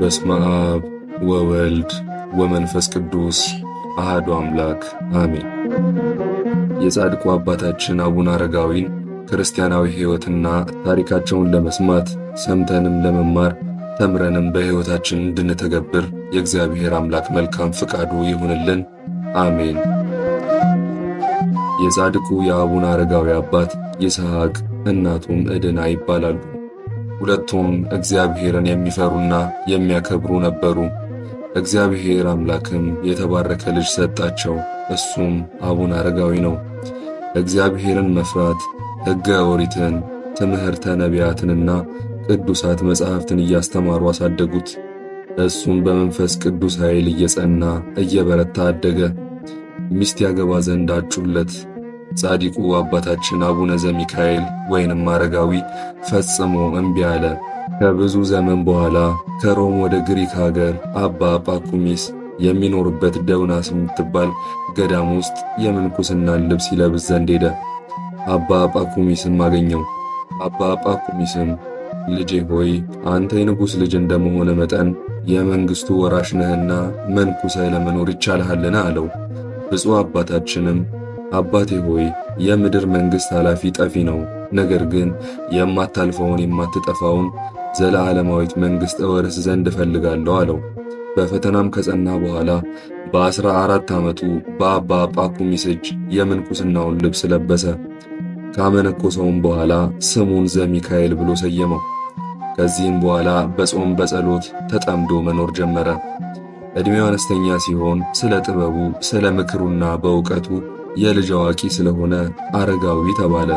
በስመ አብ ወወልድ ወመንፈስ ቅዱስ አህዱ አምላክ አሜን። የጻድቁ አባታችን አቡነ አረጋዊን ክርስቲያናዊ ሕይወትና ታሪካቸውን ለመስማት ሰምተንም ለመማር ተምረንም በሕይወታችን እንድንተገብር የእግዚአብሔር አምላክ መልካም ፍቃዱ ይሁንልን። አሜን። የጻድቁ የአቡነ አረጋዊ አባት ይስሐቅ እናቱም ዕድና ይባላሉ። ሁለቱም እግዚአብሔርን የሚፈሩና የሚያከብሩ ነበሩ። እግዚአብሔር አምላክም የተባረከ ልጅ ሰጣቸው፣ እሱም አቡነ አረጋዊ ነው። እግዚአብሔርን መፍራት ሕገ ኦሪትን፣ ትምህርተ ነቢያትንና ቅዱሳት መጻሕፍትን እያስተማሩ አሳደጉት። እሱም በመንፈስ ቅዱስ ኃይል እየጸና እየበረታ አደገ። ሚስት ያገባ ዘንድ አጩለት። ጻዲቁ አባታችን አቡነ ዘሚካኤል ወይንም አረጋዊ ፈጽሞ እምቢ አለ። ከብዙ ዘመን በኋላ ከሮም ወደ ግሪክ ሀገር አባ ጳኩሚስ የሚኖርበት ደውናስ የምትባል ገዳም ውስጥ የምንኩስናን ልብስ ይለብስ ዘንድ ሄደ። አባ ጳኩሚስም አገኘው። አባ ጳኩሚስም ልጄ ሆይ አንተ የንጉሥ ልጅ እንደመሆነ መጠን የመንግሥቱ ወራሽ ነህና መንኩሰ ለመኖር ይቻልሃልን? አለው። ብፁዕ አባታችንም አባቴ ሆይ የምድር መንግሥት ኃላፊ ጠፊ ነው። ነገር ግን የማታልፈውን የማትጠፋውን ዘለዓለማዊት መንግሥት እወርስ ዘንድ እፈልጋለሁ አለው። በፈተናም ከጸና በኋላ በአስራ አራት ዓመቱ በአባ ጳኩሚስ እጅ የምንኩስናውን ልብስ ለበሰ። ካመነኮሰውም በኋላ ስሙን ዘሚካኤል ብሎ ሰየመው። ከዚህም በኋላ በጾም በጸሎት ተጠምዶ መኖር ጀመረ። ዕድሜው አነስተኛ ሲሆን ስለ ጥበቡ ስለ ምክሩና በእውቀቱ የልጅ አዋቂ ስለሆነ አረጋዊ ተባለ።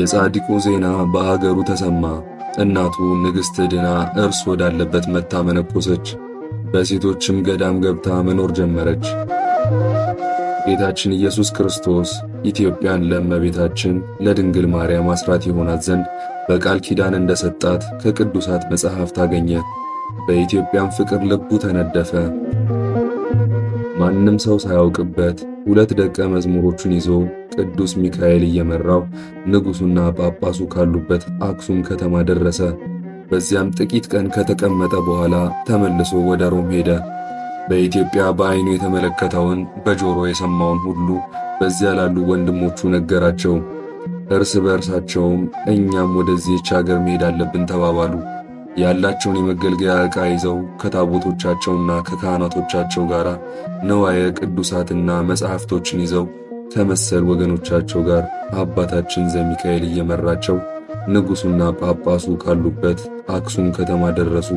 የጻድቁ ዜና በሀገሩ ተሰማ። እናቱ ንግሥት ድና እርስ ወዳለበት መታ መነኮሰች። በሴቶችም ገዳም ገብታ መኖር ጀመረች። ጌታችን ኢየሱስ ክርስቶስ ኢትዮጵያን ለእመቤታችን ለድንግል ማርያም አስራት የሆናት ዘንድ በቃል ኪዳን እንደሰጣት ከቅዱሳት መጽሐፍ አገኘ። በኢትዮጵያም ፍቅር ልቡ ተነደፈ። ማንም ሰው ሳያውቅበት ሁለት ደቀ መዝሙሮቹን ይዞ ቅዱስ ሚካኤል እየመራው ንጉሱና ጳጳሱ ካሉበት አክሱም ከተማ ደረሰ። በዚያም ጥቂት ቀን ከተቀመጠ በኋላ ተመልሶ ወደ ሮም ሄደ። በኢትዮጵያ በዓይኑ የተመለከተውን በጆሮ የሰማውን ሁሉ በዚያ ላሉ ወንድሞቹ ነገራቸው። እርስ በእርሳቸውም እኛም ወደዚህች አገር መሄድ አለብን ተባባሉ። ያላቸውን የመገልገያ ዕቃ ይዘው ከታቦቶቻቸውና ከካህናቶቻቸው ጋር ነዋየ ቅዱሳትና መጻሕፍቶችን ይዘው ከመሰል ወገኖቻቸው ጋር አባታችን ዘሚካኤል እየመራቸው ንጉሡና ጳጳሱ ካሉበት አክሱም ከተማ ደረሱ።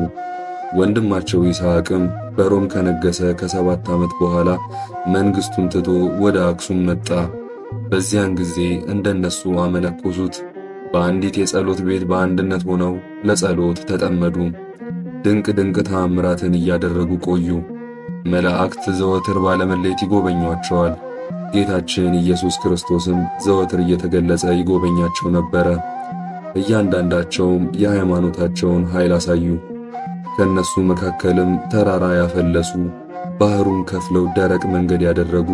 ወንድማቸው ይስሐቅም በሮም ከነገሰ ከሰባት ዓመት በኋላ መንግሥቱን ትቶ ወደ አክሱም መጣ። በዚያን ጊዜ እንደነሱ አመነኮሱት። በአንዲት የጸሎት ቤት በአንድነት ሆነው ለጸሎት ተጠመዱ። ድንቅ ድንቅ ተአምራትን እያደረጉ ቆዩ። መላእክት ዘወትር ባለመለየት ይጎበኟቸዋል። ጌታችን ኢየሱስ ክርስቶስም ዘወትር እየተገለጸ ይጎበኛቸው ነበረ። እያንዳንዳቸውም የሃይማኖታቸውን ኃይል አሳዩ። ከነሱ መካከልም ተራራ ያፈለሱ፣ ባህሩን ከፍለው ደረቅ መንገድ ያደረጉ፣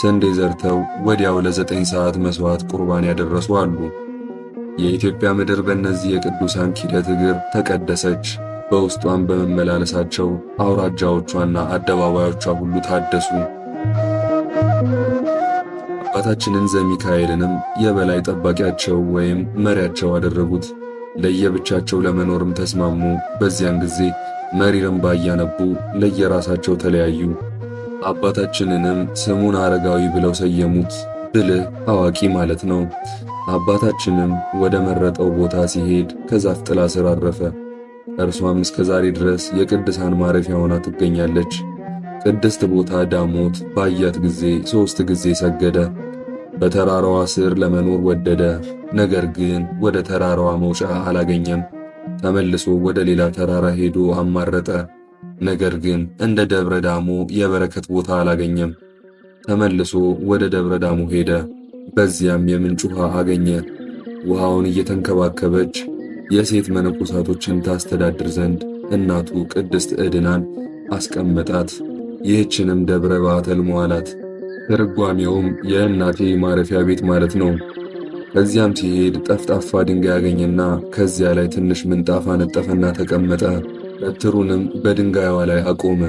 ስንዴ ዘርተው ወዲያው ለዘጠኝ ሰዓት መስዋዕት ቁርባን ያደረሱ አሉ። የኢትዮጵያ ምድር በእነዚህ የቅዱሳን ኪደት እግር ተቀደሰች። በውስጧም በመመላለሳቸው አውራጃዎቿና አደባባዮቿ ሁሉ ታደሱ። አባታችንን ዘሚካኤልንም የበላይ ጠባቂያቸው ወይም መሪያቸው አደረጉት። ለየብቻቸው ለመኖርም ተስማሙ። በዚያን ጊዜ መሪርም ባያነቡ ለየራሳቸው ተለያዩ። አባታችንንም ስሙን አረጋዊ ብለው ሰየሙት። ብልህ አዋቂ ማለት ነው። አባታችንም ወደ መረጠው ቦታ ሲሄድ ከዛፍ ጥላ ስር አረፈ። እርሷም እስከ ዛሬ ድረስ የቅድሳን ማረፊያ ሆና ትገኛለች። ቅድስት ቦታ ዳሞት ባያት ጊዜ ሦስት ጊዜ ሰገደ። በተራራዋ ስር ለመኖር ወደደ። ነገር ግን ወደ ተራራዋ መውጫ አላገኘም። ተመልሶ ወደ ሌላ ተራራ ሄዶ አማረጠ። ነገር ግን እንደ ደብረ ዳሞ የበረከት ቦታ አላገኘም። ተመልሶ ወደ ደብረ ዳሞ ሄደ። በዚያም የምንጭ ውሃ አገኘ። ውሃውን እየተንከባከበች የሴት መነኮሳቶችን ታስተዳድር ዘንድ እናቱ ቅድስት ዕድናን አስቀመጣት። ይህችንም ደብረ ባተልሞ አላት። ትርጓሜውም የእናቴ ማረፊያ ቤት ማለት ነው። ከዚያም ሲሄድ ጠፍጣፋ ድንጋይ አገኘና ከዚያ ላይ ትንሽ ምንጣፍ አነጠፈና ተቀመጠ። በትሩንም በድንጋይዋ ላይ አቆመ።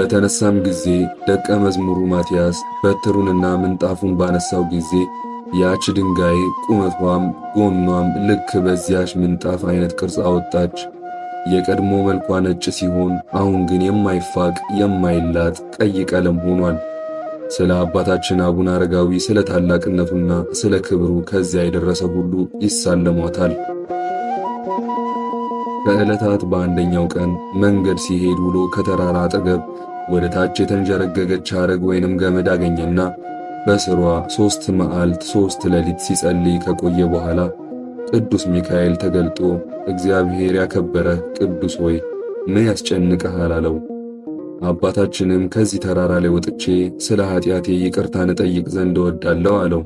በተነሳም ጊዜ ደቀ መዝሙሩ ማትያስ በትሩንና ምንጣፉን ባነሳው ጊዜ ያች ድንጋይ ቁመቷም ጎኗም ልክ በዚያች ምንጣፍ አይነት ቅርጽ አወጣች። የቀድሞ መልኳ ነጭ ሲሆን አሁን ግን የማይፋቅ የማይላጥ ቀይ ቀለም ሆኗል። ስለ አባታችን አቡነ አረጋዊ ስለ ታላቅነቱና ስለ ክብሩ ከዚያ የደረሰ ሁሉ ይሳለሟታል። ከዕለታት በአንደኛው ቀን መንገድ ሲሄድ ውሎ ከተራራ አጠገብ ወደ ታች የተንጀረገገች አረግ ወይንም ገመድ አገኘና በስሯ ሦስት መዓልት ሦስት ሌሊት ሲጸልይ ከቆየ በኋላ ቅዱስ ሚካኤል ተገልጦ እግዚአብሔር ያከበረ ቅዱስ ሆይ ምን ያስጨንቅሃል? አለው። አባታችንም ከዚህ ተራራ ላይ ወጥቼ ስለ ኃጢአቴ ይቅርታን እጠይቅ ዘንድ እወዳለሁ አለው።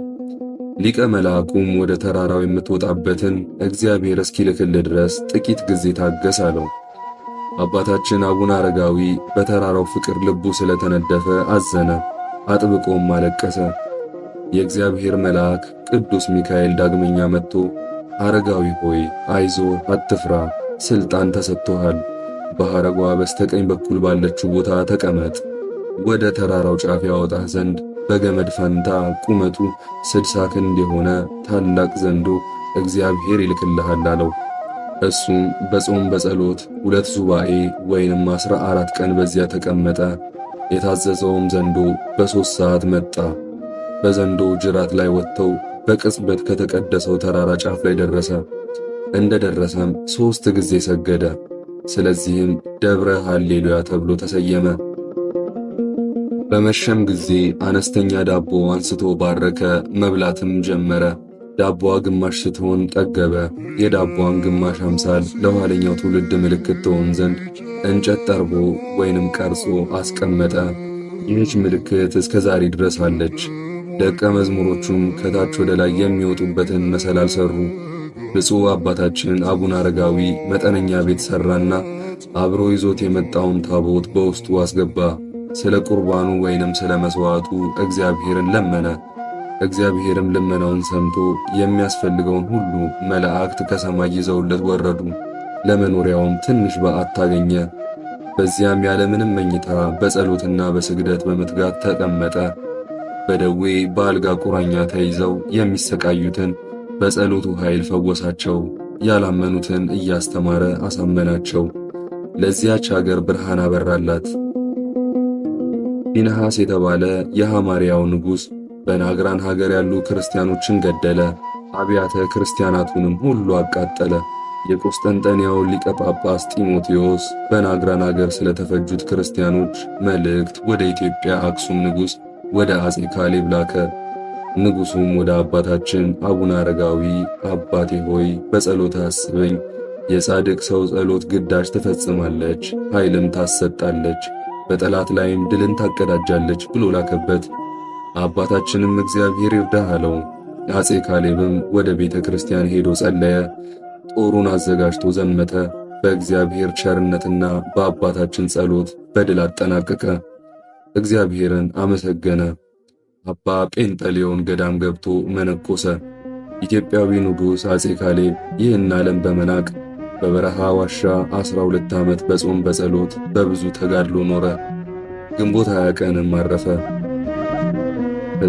ሊቀ መልአኩም ወደ ተራራው የምትወጣበትን እግዚአብሔር እስኪልክልህ ድረስ ጥቂት ጊዜ ታገስ አለው። አባታችን አቡነ አረጋዊ በተራራው ፍቅር ልቡ ስለተነደፈ አዘነ፣ አጥብቆም አለቀሰ። የእግዚአብሔር መልአክ ቅዱስ ሚካኤል ዳግመኛ መጥቶ አረጋዊ ሆይ አይዞ፣ አትፍራ፣ ሥልጣን ተሰጥቶሃል። በሐረጓ በስተቀኝ በኩል ባለችው ቦታ ተቀመጥ። ወደ ተራራው ጫፍ ያወጣህ ዘንድ በገመድ ፈንታ ቁመቱ ስድሳ ክንድ የሆነ ታላቅ ዘንዶ እግዚአብሔር ይልክልሃል አለው። እሱም በጾም በጸሎት ሁለት ሱባኤ ወይንም አስራ አራት ቀን በዚያ ተቀመጠ። የታዘዘውም ዘንዶ በሦስት ሰዓት መጣ። በዘንዶው ጅራት ላይ ወጥተው በቅጽበት ከተቀደሰው ተራራ ጫፍ ላይ ደረሰ። እንደ ደረሰም ሦስት ጊዜ ሰገደ። ስለዚህም ደብረ ሃሌሉያ ተብሎ ተሰየመ። በመሸም ጊዜ አነስተኛ ዳቦ አንስቶ ባረከ፣ መብላትም ጀመረ። ዳቦዋ ግማሽ ስትሆን ጠገበ። የዳቧን ግማሽ አምሳል ለኋለኛው ትውልድ ምልክት ትሆን ዘንድ እንጨት ጠርቦ ወይንም ቀርጾ አስቀመጠ። ይህች ምልክት እስከ ዛሬ ድረስ አለች። ደቀ መዝሙሮቹም ከታች ወደ ላይ የሚወጡበትን መሰላል ሰሩ። ብፁዕ አባታችን አቡነ አረጋዊ መጠነኛ ቤት ሠራና አብሮ ይዞት የመጣውን ታቦት በውስጡ አስገባ። ስለ ቁርባኑ ወይንም ስለ መሥዋዕቱ እግዚአብሔርን ለመነ። እግዚአብሔርም ልመናውን ሰምቶ የሚያስፈልገውን ሁሉ መላእክት ከሰማይ ይዘውለት ወረዱ። ለመኖሪያውም ትንሽ በዓት ታገኘ። በዚያም ያለምንም መኝታ በጸሎትና በስግደት በመትጋት ተቀመጠ። በደዌ በአልጋ ቁራኛ ተይዘው የሚሰቃዩትን በጸሎቱ ኃይል ፈወሳቸው። ያላመኑትን እያስተማረ አሳመናቸው። ለዚያች አገር ብርሃን አበራላት። ፊንሐስ የተባለ የሐማርያው ንጉሥ በናግራን ሀገር ያሉ ክርስቲያኖችን ገደለ። አብያተ ክርስቲያናቱንም ሁሉ አቃጠለ። የቆስጠንጠንያውን ሊቀ ጳጳስ ጢሞቴዎስ በናግራን ሀገር ስለተፈጁት ክርስቲያኖች መልእክት ወደ ኢትዮጵያ አክሱም ንጉሥ ወደ አጼ ካሌብ ላከ። ንጉሡም ወደ አባታችን አቡነ አረጋዊ አባቴ ሆይ በጸሎት አስበኝ፣ የጻድቅ ሰው ጸሎት ግዳጅ ትፈጽማለች፣ ኃይልም ታሰጣለች፣ በጠላት ላይም ድልን ታቀዳጃለች ብሎ ላከበት። አባታችንም እግዚአብሔር ይርዳህ አለው። አጼ ካሌብም ወደ ቤተ ክርስቲያን ሄዶ ጸለየ። ጦሩን አዘጋጅቶ ዘመተ። በእግዚአብሔር ቸርነትና በአባታችን ጸሎት በድል አጠናቀቀ። እግዚአብሔርን አመሰገነ። አባ ጴንጠሌዎን ገዳም ገብቶ መነኮሰ። ኢትዮጵያዊ ንጉሥ አፄ ካሌብ ይህን ዓለም በመናቅ በበረሃ ዋሻ 12 ዓመት በጾም በጸሎት በብዙ ተጋድሎ ኖረ። ግንቦት 20 ቀንም አረፈ።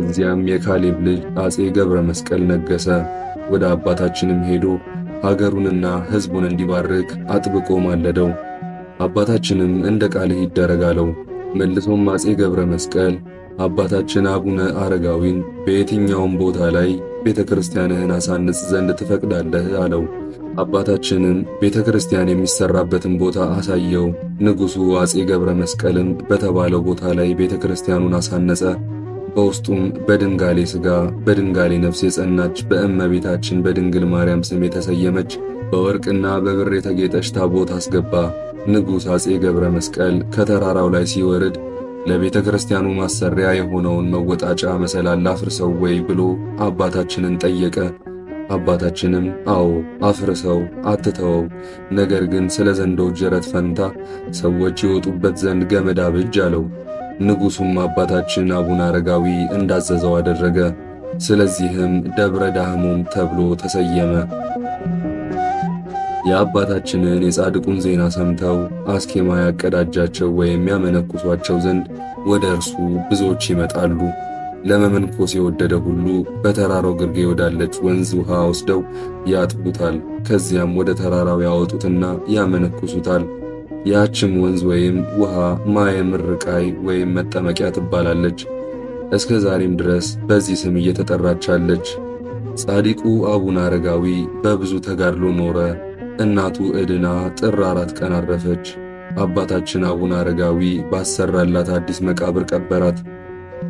ከዚያም የካሌብ ልጅ አጼ ገብረ መስቀል ነገሰ ወደ አባታችንም ሄዶ ሀገሩንና ሕዝቡን እንዲባርክ አጥብቆ ማለደው። አባታችንም እንደ ቃልህ ይደረግ አለው። መልሶም አጼ ገብረ መስቀል አባታችን አቡነ አረጋዊን በየትኛውም ቦታ ላይ ቤተ ክርስቲያንህን አሳንጽ ዘንድ ትፈቅዳለህ አለው። አባታችንም ቤተ ክርስቲያን የሚሰራበትን ቦታ አሳየው። ንጉሡ አጼ ገብረ መስቀልም በተባለው ቦታ ላይ ቤተ ክርስቲያኑን አሳነጸ። በውስጡም በድንጋሌ ሥጋ በድንጋሌ ነፍስ የጸናች በእመቤታችን በድንግል ማርያም ስም የተሰየመች በወርቅና በብር የተጌጠች ታቦት አስገባ። ንጉሥ አጼ ገብረ መስቀል ከተራራው ላይ ሲወርድ ለቤተ ክርስቲያኑ ማሰሪያ የሆነውን መወጣጫ መሰላል አፍርሰው ወይ ብሎ አባታችንን ጠየቀ። አባታችንም አዎ አፍርሰው አትተወው፣ ነገር ግን ስለ ዘንዶው ጅረት ፈንታ ሰዎች ይወጡበት ዘንድ ገመድ አብጅ አለው። ንጉሡም አባታችን አቡነ አረጋዊ እንዳዘዘው አደረገ። ስለዚህም ደብረ ዳህሞም ተብሎ ተሰየመ። የአባታችንን የጻድቁን ዜና ሰምተው አስኬማ ያቀዳጃቸው ወይም ያመነኩሷቸው ዘንድ ወደ እርሱ ብዙዎች ይመጣሉ። ለመመንኮስ የወደደ ሁሉ በተራራው ግርጌ ወዳለች ወንዝ ውሃ ወስደው ያጥቡታል። ከዚያም ወደ ተራራው ያወጡትና ያመነኩሱታል። ያችም ወንዝ ወይም ውሃ ማየም ርቃይ ወይም መጠመቂያ ትባላለች። እስከ ዛሬም ድረስ በዚህ ስም እየተጠራቻለች። ጻዲቁ አቡነ አረጋዊ በብዙ ተጋድሎ ኖረ። እናቱ ዕድና ጥር አራት ቀን አረፈች። አባታችን አቡነ አረጋዊ ባሰራላት አዲስ መቃብር ቀበራት።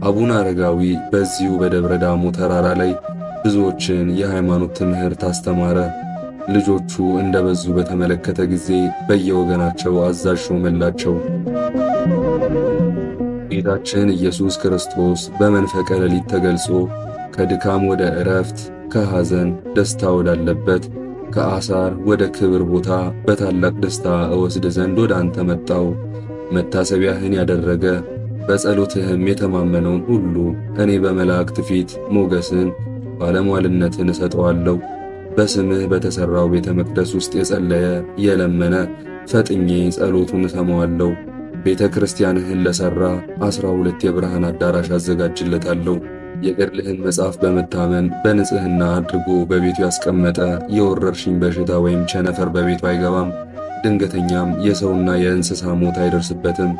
አቡነ አረጋዊ በዚሁ በደብረ ዳሞ ተራራ ላይ ብዙዎችን የሃይማኖት ትምህርት አስተማረ። ልጆቹ እንደበዙ በተመለከተ ጊዜ በየወገናቸው አዛዥ ሾመላቸው። ጌታችን ኢየሱስ ክርስቶስ በመንፈቀ ሌሊት ተገልጾ ከድካም ወደ ዕረፍት፣ ከሐዘን ደስታ ወዳለበት፣ ከአሳር ወደ ክብር ቦታ በታላቅ ደስታ እወስድ ዘንድ ወደ አንተ መጣው። መታሰቢያህን ያደረገ በጸሎትህም የተማመነውን ሁሉ እኔ በመላእክት ፊት ሞገስን ባለሟልነትን እሰጠዋለሁ በስምህ በተሠራው ቤተ መቅደስ ውስጥ የጸለየ የለመነ ፈጥኜ ጸሎቱን እሰማዋለሁ። ቤተ ክርስቲያንህን ለሠራ ዐሥራ ሁለት የብርሃን አዳራሽ አዘጋጅለታለሁ። የገድልህን መጽሐፍ በመታመን በንጽሕና አድርጎ በቤቱ ያስቀመጠ የወረርሽኝ በሽታ ወይም ቸነፈር በቤቱ አይገባም። ድንገተኛም የሰውና የእንስሳ ሞት አይደርስበትም።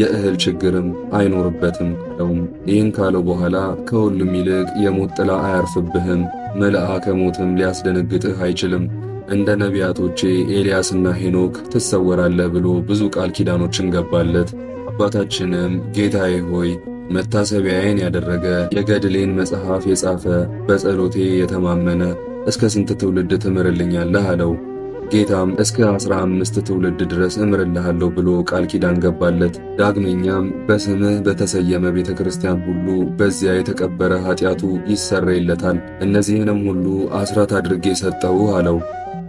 የእህል ችግርም አይኖርበትም ነው። ይህን ካለው በኋላ ከሁሉም ይልቅ የሞት ጥላ አያርፍብህም መልአከ ሞትም ሊያስደነግጥህ አይችልም። እንደ ነቢያቶቼ ኤልያስና ሄኖክ ትሰወራለህ ብሎ ብዙ ቃል ኪዳኖችን ገባለት። አባታችንም ጌታዬ ሆይ መታሰቢያዬን ያደረገ የገድሌን መጽሐፍ የጻፈ በጸሎቴ የተማመነ እስከ ስንት ትውልድ ትምርልኛለህ አለው። ጌታም እስከ 15 አምስት ትውልድ ድረስ እምርልሃለሁ ብሎ ቃል ኪዳን ገባለት። ዳግመኛም በስምህ በተሰየመ ቤተ ክርስቲያን ሁሉ በዚያ የተቀበረ ኃጢአቱ ይሰረይለታል። እነዚህንም ሁሉ አስራት አድርጌ ሰጠው አለው።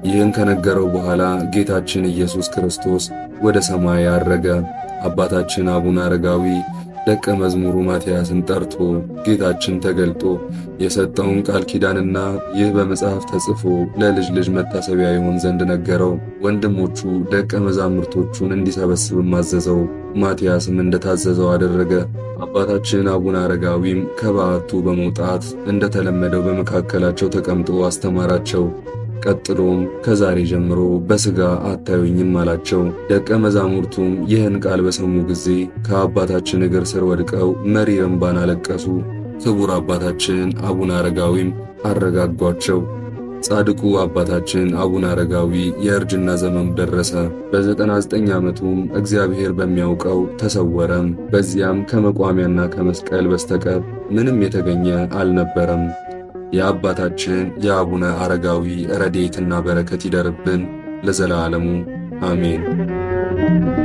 ይህን ከነገረው በኋላ ጌታችን ኢየሱስ ክርስቶስ ወደ ሰማይ አረገ። አባታችን አቡነ አረጋዊ ደቀ መዝሙሩ ማትያስን ጠርቶ ጌታችን ተገልጦ የሰጠውን ቃል ኪዳንና ይህ በመጽሐፍ ተጽፎ ለልጅ ልጅ መታሰቢያ ይሆን ዘንድ ነገረው። ወንድሞቹ ደቀ መዛሙርቶቹን እንዲሰበስብም አዘዘው። ማትያስም እንደታዘዘው አደረገ። አባታችን አቡነ አረጋዊም ከበዓቱ በመውጣት እንደተለመደው በመካከላቸው ተቀምጦ አስተማራቸው። ቀጥሎም ከዛሬ ጀምሮ በሥጋ አታዩኝም አላቸው። ደቀ መዛሙርቱም ይህን ቃል በሰሙ ጊዜ ከአባታችን እግር ስር ወድቀው መሪር እንባን አለቀሱ። ክቡር አባታችን አቡነ አረጋዊም አረጋጓቸው። ጻድቁ አባታችን አቡነ አረጋዊ የእርጅና ዘመኑ ደረሰ። በ99 ዓመቱም እግዚአብሔር በሚያውቀው ተሰወረም። በዚያም ከመቋሚያና ከመስቀል በስተቀር ምንም የተገኘ አልነበረም። የአባታችን የአቡነ አረጋዊ ረድኤትና በረከት ይደርብን ለዘላለሙ አሜን።